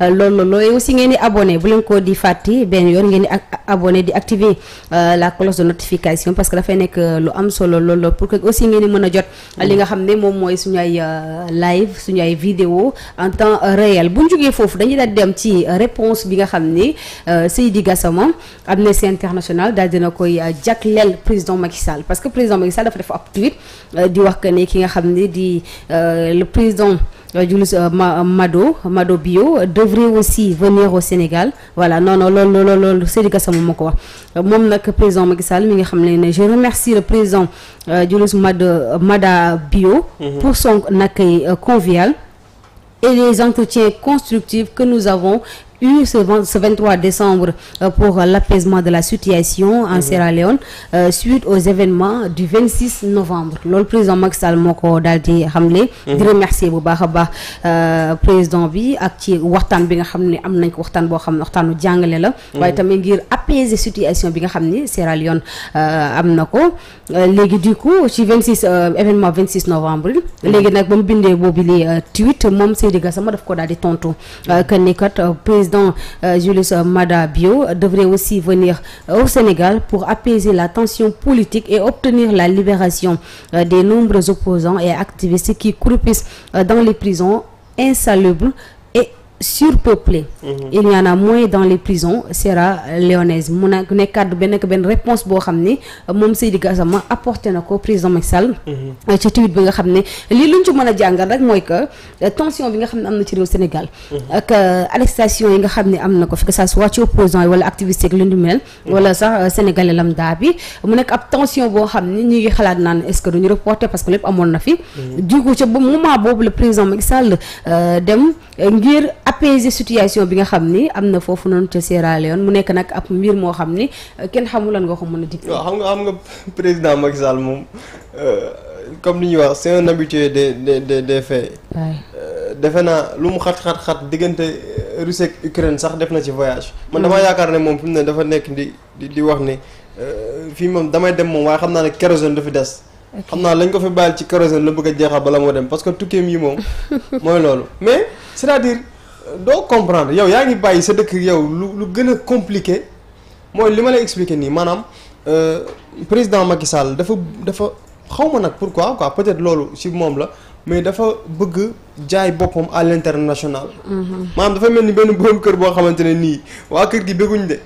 Euh, loolu loolu aussi ngeen di abone bu leen ko di fàtti benn yoon ngeen di abonné di activer euh, la cloche de notification parce que dafay nekk euh, lu am solo lool pour que aussi ngeen di mën a jot li nga xam ne moom mooy suñu ay live suñu ay vidéo en temps réel bu ñu jógee foofu dañuy daal dem ci réponse bi nga xam ni Seydi Gassama Amnesty International daal dina koy jagleel président Macky Sall parce que président Macky Sall dafa def ab tweet di wax que ne ki nga xam ne di le président Julius euh, euh, euh, Mado Mado Bio devrait aussi venir au Sénégal voilà non non loolu loolu loolu Seydi Gassama ko wax moom nag président Macky Sall mi nga xam ne ne je remercie le président Julius Mado Mada Bio mhm. pour son accueil convivial et les entretiens constructifs que nous avons eu ce ce 23 euh, pour euh, l'apaisement de la situation en mhm. Sierra Leone euh, suite aux événements du 26 novembre loolu président Macky moo ko daal di xamle. Mhm. di remercier bu baax a baax président bi ak ci waxtaan bi nga xam ne am nañ ko waxtaan boo xam ne waxtaanu jàngale la. Mhm. waaye tamit ngir apaiser situation bi nga xam ne Sierra Leone am na ko léegi du coup ci 26 événement 26 novembre léegi nag ba mu bindee boobu li tweet moom Seydi sama daf ko daal di tontu que président euh, Julius Maada Bio euh, devrait aussi venir euh, au Sénégal pour apaiser la tension politique et obtenir la libération des nombreux opposants et activistes qui croupissent dans les prisons insalubres surpeuplé mhm. il y en a moins dans les prisons sierra-léonaises mu nag nekk benn benn boo xam ne moom Seydi Gassama apporté na ko président Macky Sall mhm. euh, ci tweet bi nga xam ne lii luñ ci mën a mooy que euh, tension bi xam ne am na ci réew Sénégal mhm. euh, yi nga xam ne am na ko fi que ça soit ci opposant yi wala activiste ak lu ñu mel wala sax sénégalais lambda bi mu nekk ab tension boo xam ne ñu ngi xalaat naan est-ce que duñu reporté parce que lépp amoon na fi du coup ca moment boobu le président Macky Sall dem ngir apaiser situation bi nga xam ni am na foofu noonu ca Sierra Leone mu nekk nag ab mbir moo xam ni euh, kenn xamul lan nga ko mën a dikk. waaw xam nga xam nga président Macky Sall moom euh, comme li ñuy wax c'est un habitué des des des des faits. Euh, defe naa lu mu xat-xat xat diggante Russie ak Ukraine sax def na ci voyage. man damaa yaakaar ne moom fi mu ne dafa nekk di di di wax ni fii moom damay dem moom waaye xam naa ne kérosène dafa des. xam lañ ko fi bàyyil ci kérosène la bëgg a bala moo dem parce que tukkeem yi moom mooy loolu mais cest dire doo comprendre yow yaa ngi bàyyi sa dëkk yow lu lu gën a compliqué mooy li ma lay expliqué nii maanaam euh, président Macky Sall dafa dafa xaw ma nag pour quoi peut-être loolu ci moom la mais dafa bëgg jaay boppam à l'international. Mm-hmm. maanaam dafa mel ni benn borom kër boo xamante ne nii waa kër gi bëgguñ de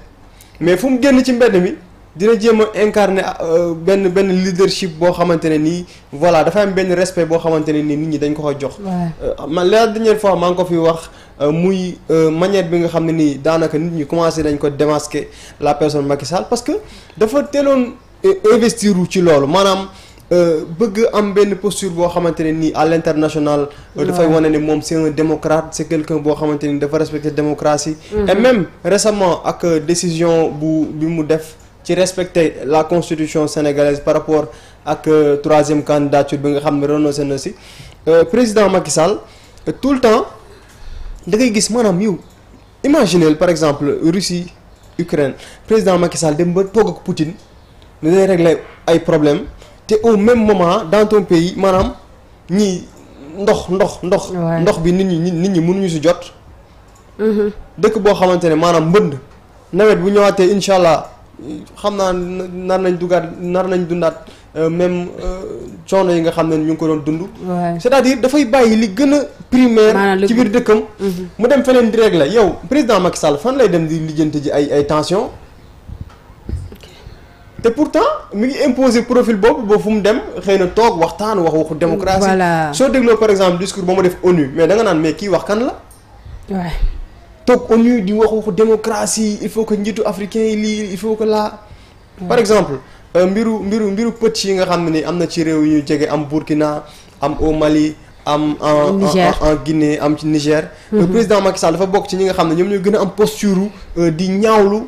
mais fu mu ci mbedd mi dina jéem a incarner euh, benn benn leadership boo xamante ne nii voilà dafa am benn respect boo xamante ne nii nit ñi dañ ko ko jox. Euh, man la fois maa ngi ko fi wax. Euh, muy euh, manière bi nga xam ne nii daanaka nit ñi commencé nañ ko démasquer la person Macky Sall parce que dafa teeloon euh, investir ci loolu maanaam bëgg am benn posture boo xamante ne nii à l'international dafay wane ne moom c'est un démocrate c'est quelqu'un boo xamante ni dafa respecter démocratie mm-hmm. et même récemment ak décision bu bi mu def ci respecter la constitution sénégalaise par rapport ak troisième candidature bi nga xam ne renoncé na si président Macky da ngay gis maanaam yow imaginez par exemple Russie Ukraine président Macky Sall dem ba toog ak Poutine ne day régler ay problème te au même moment dans pays maanaam ñii ndox ndox ndox. ndox bi nit ñi nit ñi mënuñu si jot. Mm-hmm. dëkk boo xamante ne maanaam mbënd nawet bu ñëwaatee incha allah xam naa nar nañ dugaat nar nañ dundaat. Euh, même euh, coono yi nga xam ne ñu ngi ko doon dund. c'est-à-dire dafay bàyyi li gën a primaire. ci biir dëkkam. Mhm. mu dem feneen di la yow président Macky Sall fan lay dem di lijjanti ji ay ay tension te pourtant mu ngi imposer profil boobu ba fu mu dem xëy na toog waxtaan wax waxu démocratie. voilà soo dégloo par exemple discours ba ma def ONU mais da nga naan mais kii wax kan la. waaw toog ONU di wax waxu démocratie il faut que njiitu africain yi lii il faut que la. par exemple. Euh, mbiru mbiru mbiru pëcc yi nga xam ne ni am na ci réew yu ñu jege am Burkina am au Mali am en en Guinée am ci Niger le euh, mhm. président Macky Sall dafa bokk ci ñi nga xam ne ñoom ñoo gën a am posture euh, di ñaawlu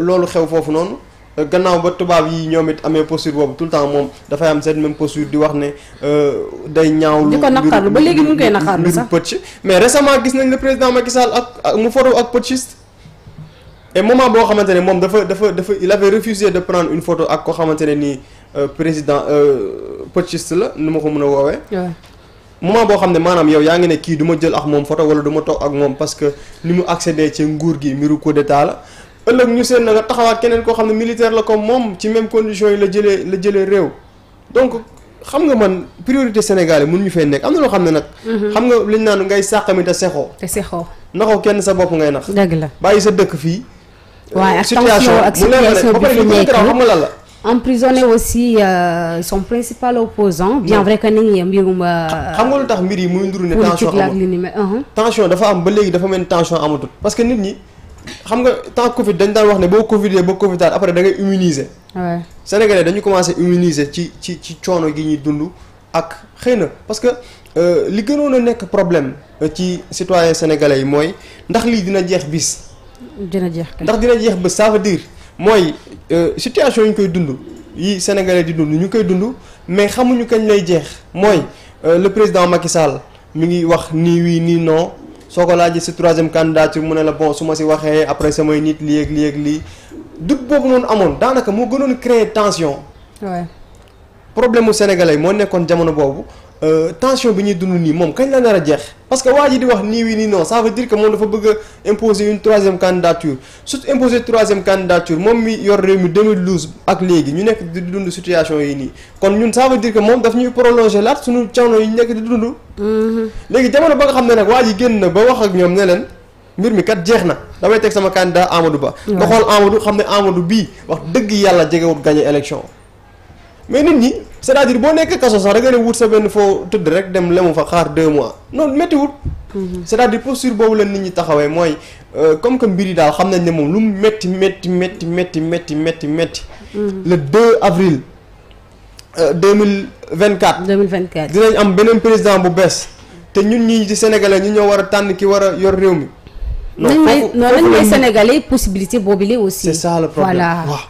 loolu xew foofu noonu gannaaw ba tubaab yi ñoom it amee posture boobu tout temps moom dafay am cette même posture di wax ne day ñaawlu di ko naqarlu ba léegi ñu ngi koy naqarlu sax mbiru pëcc mais récemment gis nañ président Macky Sall ak mu foto ak pëcciste et moment boo xamante ne moom dafa dafa dafa il avait refusé de prendre une photo ak ko xamante ne nii euh, président euh, putschiste la nu ma ko mën a woowee. moment boo xam ne maanaam yow yaa ngi ne kii du ma jël ak moom photo wala du ma toog ak moom parce que ni mu accédé ci nguur gi mbiru coup taa la ëllëg ñu seen na nga taxawaat keneen koo xam ne militaire la comme moom ci même condition yi la jëlee la jëlee réew donc xam nga man priorité Sénégal yi mënuñu fay nekk am loo xam ne nag. Mhm. xam nga liñ naan ngay sàqami te sexoo. te kenn sa bopp ngay nax. dëgg la sa dëkk fii. waaw euh, ak tension ak situation bi fi nekk emprisonné aussi euh, son principal opposant bien vrai que ni ngi mbirum. Euh, xam nga lu tax mbir yi muy nduru ne. tension amul uh-huh. tension dafa am ba léegi dafa mel ni tension amatul. parce que nit ñi xam nga temps Covid dañ daan wax ne boo Covidee boo Covidaat après da ngay immuniser. waaw dañu commencé immuniser ci ci ci coono gi ñuy dund ak xëy na parce que euh, li gënoon a nekk problème ci citoyen sénégalais yi mooy ndax lii dina jeex bis. dina jeex ndax dina jeex ba ça veut dire mooy euh, situation yi ñu koy dund yi sénégalais di dund ñu koy dund mais xamuñu kañ lay jeex mooy euh, le président Macky Sall mi ngi wax nii oui nii non soo ko laajee si troisième candidature mu ne la bon su ma si waxee après samay nit lii ak lii ak lii dut boobu noonu amoon daanaka moo gënoon créer tension. problème mu sénégalais moo nekkoon jamono boobu. Euh, tension bi ñuy dund nii moom kañ la nar a jeex parce que waa ji di wax nii wii nii non ça veut dire que moom dafa bëgg a imposer une troisième candidature surtout imposer troisième candidature moom mi yor réew mi 2012 ak léegi ñu nekk di dund situation yi nii kon ñun ça veut dire moom daf ñuy prolonger laat suñu cawno yi nekk di dund. Mm-hmm. léegi jamono ba nga xam ne nag waa ji génn na ba wax ak ñoom ne leen mbir mi kat jeex na damay teg sama candidat Amadou Ba. Mm-hmm. nga xool Amadou xam ne Amadou bii wax dëgg yàlla jegewut gagné élection cest boo nekkee kaso sax da nga ne wut sa benn foo tëdd rek dem lemu fa xaar deux mois noonu métti wut. Mhm. cest à boobu la nit ñi taxawee mooy euh, comme que mbir yi daal xam nañ ne moom lu mu métti métti métti métti métti métti métti. Mhm. le 2 avril. 2024 euh, 2024 dinañ am beneen président bu bees te ñun ñii ci Sénégalais ñu ñoo war a tànn ki war a yor réew mi non foofu nañ may sénégalais possibilité boobu la aussi. c'est ça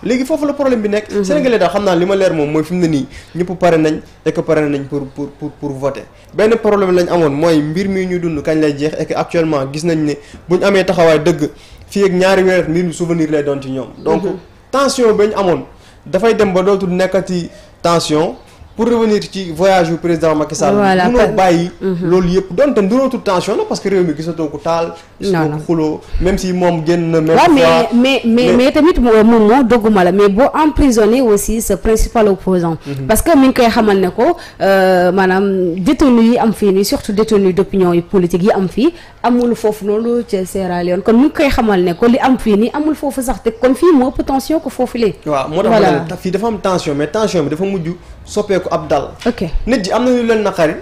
léegi foofu la problème bi nekk. Mhm. sénégalais daal xam naa li ma leer moom mooy fi mu ne nii ñëpp pare nañ et que pare nañ pour pour pour pour voter benn problème lañ amoon mooy mbir mi ñu dund kañ lay jeex et que actuellement gis nañ ne bu ñu amee taxawaay dëgg fii ak ñaari weer mbir mi souvenir lay doon ci ñoom. donc mhm. tension ba ñu amoon dafay dem ba dootul nekkati tension. pour revenir ci voyage yu président Macky Sall. voilà munoo bàyyi. Mhm. loolu yëpp donte ndurootu tension la parce que réew mi gisatoo ko taal. gisatoo ko xuloo même moom na. même fois mais mais mais tamit moom moo dogguma la mais boo emprisonné aussi sa principal opposant mhm. parce que mi ngi koy xamal ne ko euh, maanaam détenu yi am fii nii surtout détenu d'opinion yi politique yi am fii amul foofu loolu ca Sierra Leone kon mi ngi koy xamal ne ko li am fii nii amul foofu sax te kon fii moo ëpp tension ko foofu lee. voilà waaw moo tax fii dafa am tension mais tension bi dafa mujj soppeeku. ko ab dal. ok nit yi am na lu leen naqari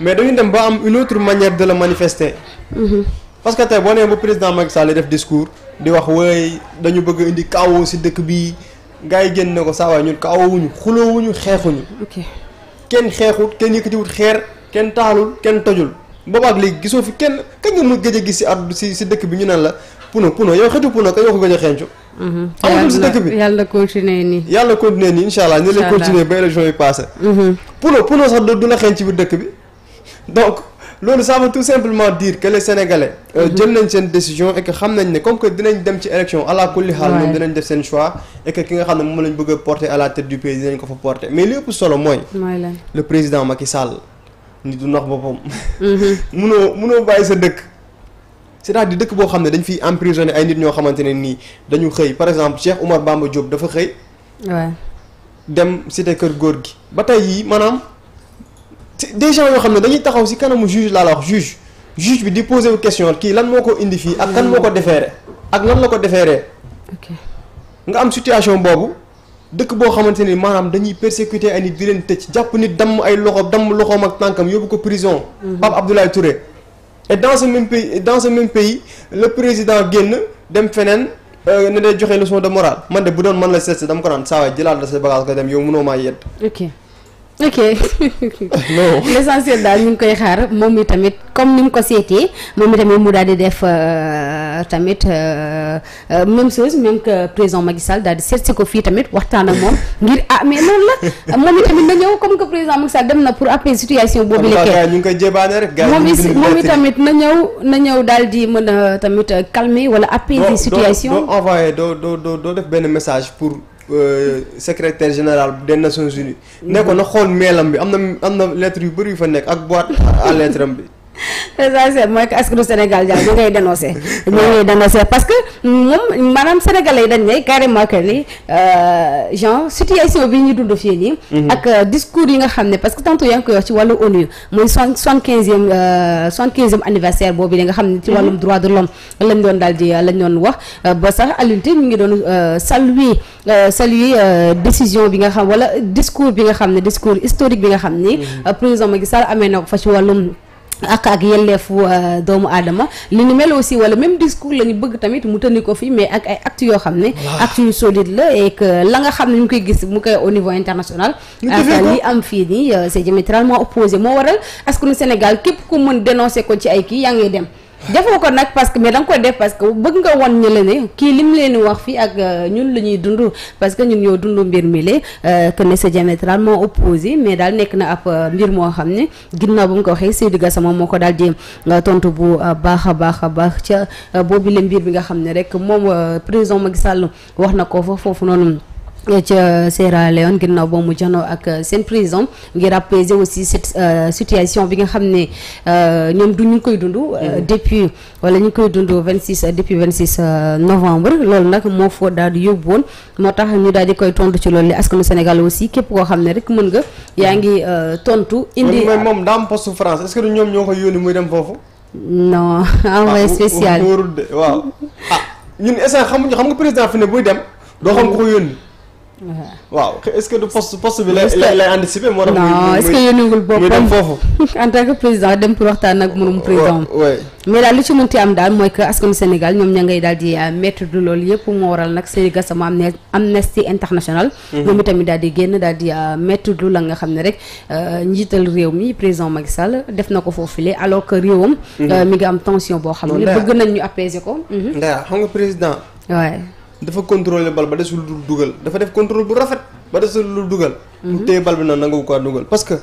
mais dañu dem ba am une autre manière de la manifesté mhm. parce que tey boo nee ba président Macky Sall def discours di wax wooy dañu bëgg indi kaawoo si dëkk bi gaa yi génn na ko saa waay ñun kaawuñu xuloowuñu xeexuñu. kenn xeexut kenn yëkkatiwut xeer kenn taalul kenn tojul. boobaak léegi gisoo fi kenn kañ nga mu gëj a gis si at si si dëkk bi ñu ne la puno puno yow xetu puno kañ nga ko gëj a xeeñcu Mm-hmm. amatul si dëkk bi yàlla continuer nii yàlla continuer nii incha allah ñu lay continuer ba élection yi passé mm-hmm. puno puno sax du la xeeñ ci biir dëkk bi donc loolu ça veut tout simplement dire que les euh, mm-hmm. jël nañ seen décision et xam nañ ne comme que dinañ dem ci élection ala kulli xaal ñoom dinañ def seen choix et que ki nga xam ne moom lañ bëgg a porter à la tête du pays dinañ ko fa porter mais li ëpp solo mooy le président Macky Sall ni du nax boppam munoo munoo bàyyi sa cest di dëkk boo xam ne dañu fi fiy emprisonné ay nit ñoo xamante ne nii dañu xëy par exemple Cheikh Oumar Bamba Diop dafa xëy. waaw dem cité kër góor gi. ba tey yi maanaam des gens yoo xam ne dañuy taxaw si kanamu juge laa la wax juge juge bi di posé question kii lan moo ko indi fii. ak kan moo ko defeere ak lan la ko defeeree. nga am situation boobu dëkk boo xamante ni maanaam dañuy persécuter ay nit di leen tëj jàpp nit damm ay loxo damm loxoom ak tànkam yóbbu ko prison. Mm-hmm. Pape Abdoulaye Touré. et dans ce même pays dans ce même pays président génn dem feneen euh, ne day joxe leçon de morale man de bu doon man la seet si dama ko naan saa jëlaat la sa bagage nga dem yow mënoo maa yedd. ok ok. non daal ñu ngi koy xaar moom mi tamit comme ni mu ko seetee moom mi tamit mu daal di def. Euh, tamit euh, euh, même chose même que président Macky Sall daal di seet si ko fii tamit waxtaan ak moom ngir ah mais loolu la moom itamit na ñëw comme que président Macky Sall dem na pour après situation boobu lekkee ñu moom moom itamit na ñëw na ñëw daal di mën a tamit calmer wala apaiser situation doo envoyé doo doo doo def benn message pour Euh, secrétaire général des Nations Unies. ne ko na xool meelam bi am na lettre yu bëri yu fa nekk ak boîte à lettre bi. l'essentiel mooy que askanu Sénégal daal ñu ngay dénoncé ñu ngay dénoncé parce que moom maanaam sénégalais yi dañ ne carrément que ni euh, genre situation bi ñu dund fii nii. Mhm. ak euh, discours yi nga xam ne parce que tantôt yaa ngi koy wax ci wàllu ONU muy soixante quinzième euh, soixante quinzième anniversaire boobu li nga xam ne ci mhm. wàllum droit de l'homme lañ doon daal di lañ doon wax ba sax Alioune Tine ñu ngi doon saluer saluer décision bi nga xam wala discours bi nga xam ne discours historique bi nga xam ni mhm. président Macky Sall amee fa ci wàllum ak ak yelleefu euh, doomu aadama li ni mel aussi wala même discours la ñu bëgg tamit mu tëni ko fi mais ak ay actes yoo xam ne actes yu solide la et la nga xam ne ñu koy gis mu koy au niveau international euh, ak li am fii nii euh, c'est diamétralement opposé moo waral askanu Sénégal képp ku mën dénoncer ko ci ay kii yaa ngi dem defoo ko nag parce que mais da nga koy def parce que bëgg nga won ñu la ne kii lim leen wax fii ak euh, ñun lu ñuy dund parce que ñun ñoo dund mbir mi le euh, que ne c'est diamétralement opposé mais daal nekk na ab euh, mbir moo xam ne ginnaaw ba mu ko waxee Seydou Gassama moo ko daal di tontu bu baax a baax a baax ca boobu le mbir bi nga xam ne rek moom président Macky Sall wax na ko fa foofu noonu. Euh, ca Sierra Leone ginnaaw ba mu janoo ak euh, seen président ngir apaiser aussi cette euh, situation bi nga xam ne ñoom du ñu ngi koy dund mm-hmm. depuis wala ñu ngi koy dund vingt six depuis vingt six novembre loolu nag moo foo daal yóbbu woon moo tax ñu daal di koy tontu ci loolu li askanu Sénégal aussi képp koo xam ne rek mën nga yaa ngi tontu indi moom daa am poste France est-ce ñoom ñoo koy yónni muy dem foofu non envoyé ah, spécial waaw ah xam nga président dem doo waaw est-ce que du poste postu bi. lay lay anticiper moo tax. non est président dem pour waxtaan ak mënum président mais daal li ci mënti am daal mooy que askanu Sénégal ñoom ña ngay daal di euh, mettre loolu yëpp moo waral nag Seydi Gassama am Amnesty International. moom mhm. itamit daal di génn daal di euh, mettre du la nga xam ne rek euh, njiital réew mi président Macky Sall def na ko foofule alors que réewam. Mhm. mi ngi am tension boo xam ne bëgg nañ ñu apaiser ko. Mhm. ndax xam nga président. waay. dafa contrôler bal ba desul lu dugal dafa def contrôle bu rafet ba desul lu dugal. mu mhm. téye bal bi nag nangawu ko dugal parce que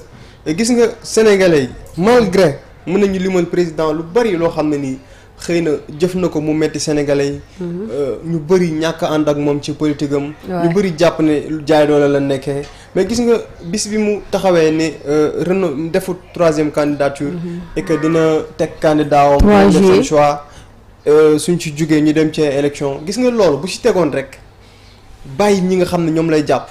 eh, gis nga sénégalais yi malgré mën ñu limal président lu bari loo xam ne nii xëy na jëf na ko mu metti sénégalais yi. Mhm. Euh, ñu bëri ñàkk ànd ak moom ci politique am. ñu bëri jàpp ne jaay doole la nekkee. mais gis nga bis bi mu taxawee ne euh, Renaud defut troisième candidature. Mhm. et dina teg candidat am. choix. Euh, suñ ci jugee ñu dem ci élection gis nga loolu bu ci tegoon rek bàyyi ñi nga xam ne ñoom lay jàpp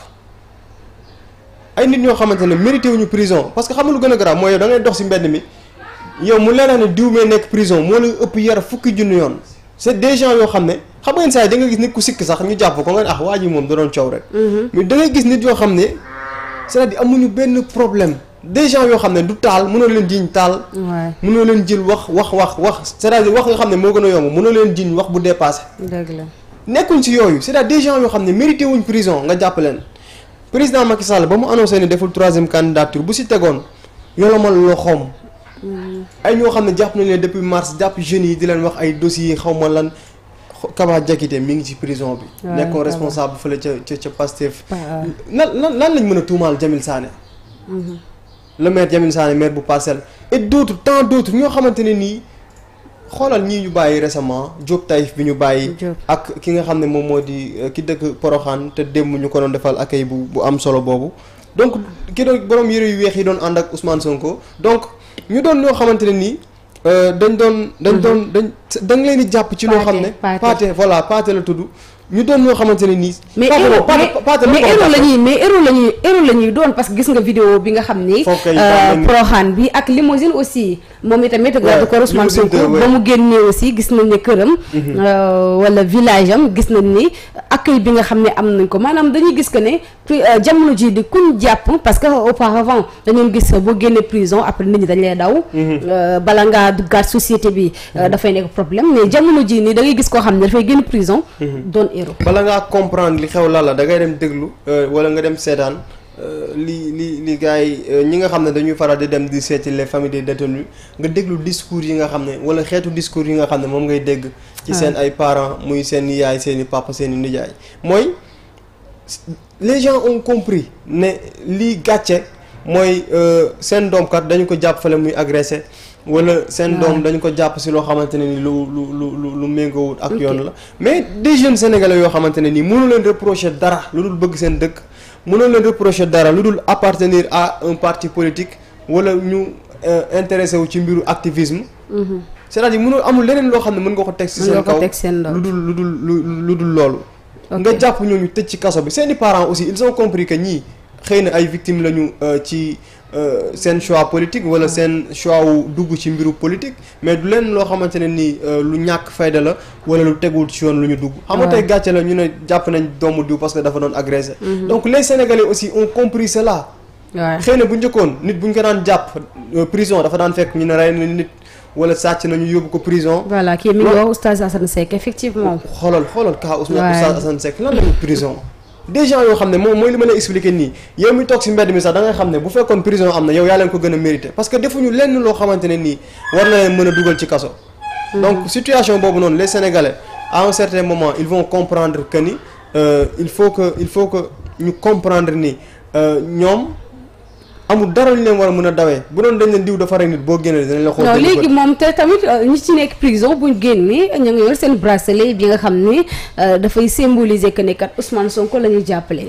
ay nit ñoo xamante ne mérité wuñu prison parce que xam nga lu gën a garaaw mooy yow da ngay dox ci mbedd mi yow mu leer ne diw mee nekk prison moo la ëpp yara fukki junni yoon c'est des gens yoo xam ne xam ngeen saa yi da nga gis nit ku sikk sax ñu jàpp ko nga ne ah waa ji moom da doon coow rek. Mm-hmm. mais dangay gis nit yoo xam ne c'est-à-dire amuñu benn problème. des gens yoo xam ne du taal mënoo leen jiñ taal. mënoo leen jël wax wax wax wax cest à wax yoo xam ne moo gën a yomb mënoo leen jiñ wax bu dépassé. dëgg la nekkuñ ci yooyu c'est-à-dire des yoo xam ne mérité wuñ prison nga jàpp leen président Macky Sall ba mu annoncé ne deful troisième candidature bu si tegoon yolomal loxoom. Mm. ay ñoo xam ne jàpp nañ leen depuis mars jàpp jeunes yi di leen wax ay dossiers xaw ma lan. Kaba Diakité mi ngi ci prison bi. nekkoon responsable fële ca ca ca Pastef. lan lan lan lañ mën a tuumaal Jamil Sané. Mm-hmm. le maire Diamine Sané maire bu Parcelles et d' autres tant d' ñoo xamante ne nii xoolal ñii ñu bàyyi récemment Diop Taïf bi ñu bàyyi. ak ki nga xam ne moom moo di euh, ki dëkk Poroxaan te démb ñu ko doon defal ak accueil bu bu am solo boobu. donc ki doon borom yëre yu weex yi doon ànd ak Ousmane Sonko donc ñu doon ñoo xamante ne nii euh, dañ doon. dañ mm-hmm. doon dañ dañ leen di jàpp ci. loo xam ne paate voilà paate la tudd. ñu doon xamante ne nii. mais héros mais héros la ñuy mais héros la ñuy héros doon parce gis nga vidéo bi nga xam ni. Euh, proxaan bi ak limousine aussi. moom itamit garde corps Ousmane Sonko ba mu génnee aussi gis nañ ne këram. Mhm. Euh, wala village am gis nañ ni accueil bi nga xam ne am nañ ko maanaam dañuy gis que ne euh, jamono ji di kuñ jàpp parce que auparavant dañu gis boo génnee prison après nit ñi dañ lay daw. Mhm. bala ngaa duggaat société bi. Mhm. dafay nekk problème mais jamono ji nii da ngay gis koo xam ne dafay génn prison héros. bala ngaa comprendre li xew la la dangay dem déglu euh, wala nga dem seetaan euh, li li li gars yi euh, ñi nga xam ne dañuy faral di dem di seeti les familles des détenus nga déglu discours yi nga xam ne wala xeetu discours yi nga xam ne moom ngay dégg. ci ah. seen ay parent muy seen i yaay seeni i seeni seen nijaay mooy les gens ont compris ne lii gàcce mooy seen doomkat dañu ko jàppale fale muy agressé. wala seen ah. doom dañu ko jàpp si loo xamante ne ni lu lu lu lu wut ak yoon la mais des jeunes sénégalais yoo xamante ne nii mënu leen reprocher dara lu dul bëgg seen dëkk mënoo leen reprocher dara lu dul appartenir à un parti politique wala ñu euh, intéressé wu ci mbiru activisme mhm. c'est-à-dire mënul amul leneen loo xam ne mën nga ko teg si seen kaw lu dul lu dul lu dul loolu nga jàpp ñooñu tëj ci kaso bi seen i parents aussi ils ont compris que ñii xëy na ay victimes lañu euh, ci Euh, seen choix politique wala seen choix wu dugg ci mbiru politique mais du leen loo xamante ne nii euh, lu ñàkk fayda la wala lu tegul ci lu ñu dugg xam gàcce la ñu ne jàpp nañ doomu diw parce que dafa doon agressé mhm. donc les sénégalais aussi ont compris cela xëy bu njëkkoon nit bu ñu ko daan jàpp euh, prison dafa daan fekk ñu ne rey na nit wala sàcc nañu yóbbu ko prison. voilà kii mi ngi wax oustaz Assane Seck effectivement. xoolal xoolal kaa oustaz Assane Seck lan des gens yoo xam ne moom mooy li ma lay expliquer nii yow mi toog si mbedd mi sax da ngay xam ne bu fekkoon prison am na yow yaa leen ko gën a mérité parce que defuñu lenn loo xamante ne nii war na leen mën a dugal ci kaso. Hmm. donc situation boobu noonu les sénégalais à un certain moment il vont comprendre que ni euh, il faut que il faut que ñu comprendre ni euh, ñoom. amul dara lu leen war a mën a dawee bu doon dañ leen diw dafa rey nit boo génnee dinañ la xool. non léegi moom te tamit euh, ñi ci nekk prison bu ñu génnee ñu ngi yor seen bracelet bi nga xam ne euh, dafay symboliser que ne kat Ousmane Sonko la ñuy jàppale.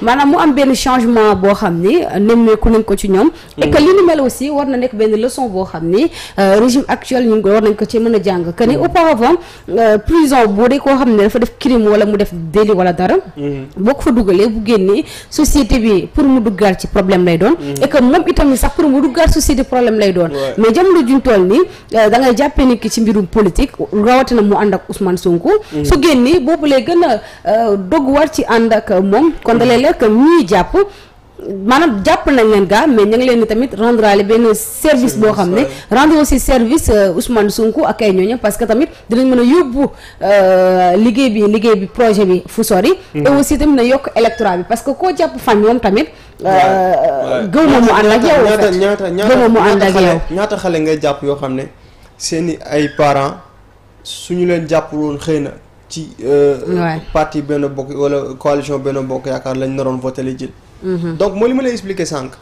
maanaam mu am benn changement boo xam ni euh, nemmeeku nañ ko ci ñoom. et que mm. li ni aussi war na nekk benn leçon boo xam ni régime actuel ñu ngi war nañ ko ci mën a jàng que ni mm. auparavant prison boo dee koo xam ne dafa def crime wala mu def délit wala dara. Mm. boo ko fa dugalee bu génnee société bi pour mu duggaat ci problème lay doon. et que même itamit sax pour mu duggaat société problème lay doon mais jamono juñ toll ni euh, da ngay jàppee nit ki ci mbirum politique rawatina mu ànd ak Ousmane Sonko mm. su génnee boobu lay gën a euh, dogguwaat ci ànd ak moom kon da lekk leer que jàpp maanaam jàpp nañ leen gaa mais ñu ngi leen di tamit rendraale benn service boo xam ne rendre aussi service euh, Ousmane Sonko ak ay ñooñam parce que tamit dinañ mën a yóbbu liggéey bi liggéey bi projet bi fu sori. Mm. et aussi tamit na yokk électorat parce que koo jàpp fan yoon tamit Euh, euh, gëw ma mu ànd ak yow. ñaata ñaata ñaata gëw ñaata xale ngay jàpp yoo xam ne seeni ay parent su ñu leen jàpp woon xëy na ci. Euh, parti benn bokk wala coalition benn bokk yaakaar lañ naroon voté li jël. donc moo li ma lay expliquer sànq.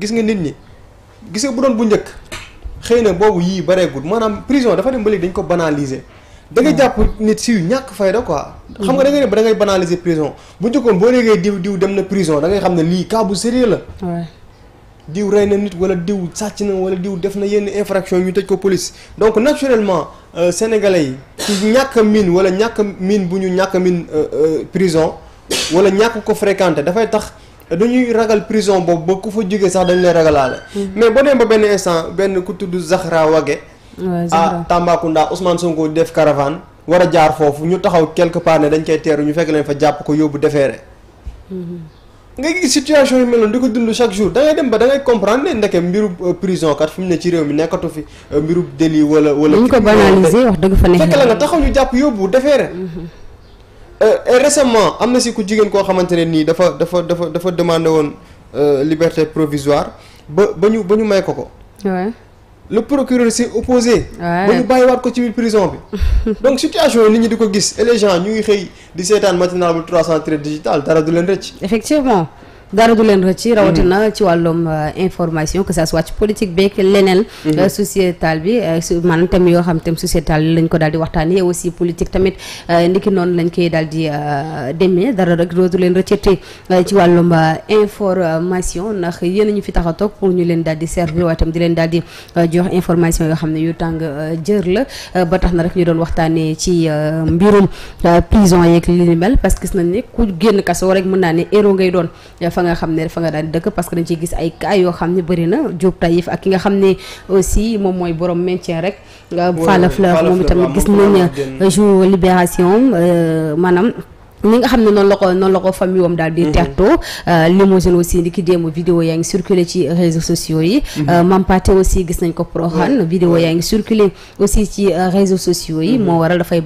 gis nga nit ñi gis bu doon bu njëkk xëy na boobu yii bareegul maanaam prison dafa dem ba dañ ko banaliser. da hmm. jàpp nit si yu ñàkk fayda quoi. xam nga da ngay da ngay banaliser prison bu njëkkoon boo déggee diw diw dem na prison da ngay xam ne lii cas bu sérieux la. diw rey na nit wala diw sàcc na wala diw def na yenn infraction ñu tëj ko police donc naturellement euh, sénégalais yi ci ñàkk a miin wala ñàkk a miin bu ñu ñàkk a miin euh, euh, prison wala ñàkk ko fréquenter dafay tax. dañuy ragal prison boobu ba ku fa jógee sax dañu lay ragalaale. Hmm. mais boo demee ba benn instant benn ku tudd Zahra Wague ah Tambacounda Ousmane Sonko def caravane war a jaar foofu ñu taxaw quelque part ne dañ koy teeru ñu fekk lañ fa jàpp ko yóbbu defeere mm-hmm. nga gis situation yu mel di ko dund chaque jour da dem ba da ngay comprendre ne ndeke mbiru euh, prison kat fi mu ne ci réew mi nekkatu fi euh, mbiru délit wala wala. dañ ko banaliser wax dëgg fa neex fekk la nga taxaw ñu jàpp yóbbu defeere mm-hmm. euh, et am na si ku jigéen koo xamante ne nii dafa dafa dafa dafa demandé woon liberté provisoire ba ba ñu ba ñu may ko ko. le procureur s'est opposé ba ñu waat ko ci biir prison bi donc situation nit ñi di ko gis et les ñu ngi xëy di seetaan matinal bu 313 digital dara du leen rëcc effectivement dara du leen rëcc rawatina mm-hmm. ci wàllum euh, information que ça soit ci politique beeg leneen. Mm-hmm. Euh, sociétal bi euh, maanaam thème yoo xam thème sociétal lañ ko daal di waxtaanee aussi politique tamit ndiki noonu lañ koy daal di demee dara rek dootu leen rëccate ci wàllum information ndax yéen a ñu fi tax a toog pour ñu leen daal di servir waaye tam di leen daal di jox information yoo xam ne yu tàng jër la ba tax na rek ñu doon waxtaanee ci mbirum prison yeeg li mel parce que gis nañ ne ku génn kaso rek mën naa ne héros ngay doon. fa nga xam ne dafa nga daan dëkk parce que dañ ciy gis ay cas yoo xam ne bëri na Diop ak ki nga xam ne aussi moom mooy borom maintien rek euh, Falla Fleur moom itamit gis nañ euh, ko mhm. euh, démb vidéo yaa ngi circulé ci réseaux sociaux yi mhm. mampate aussi gis nañ ko proxaan vidéo yaa ngi circulé aussi ci réseaux sociaux yi mhm. moo waral dafay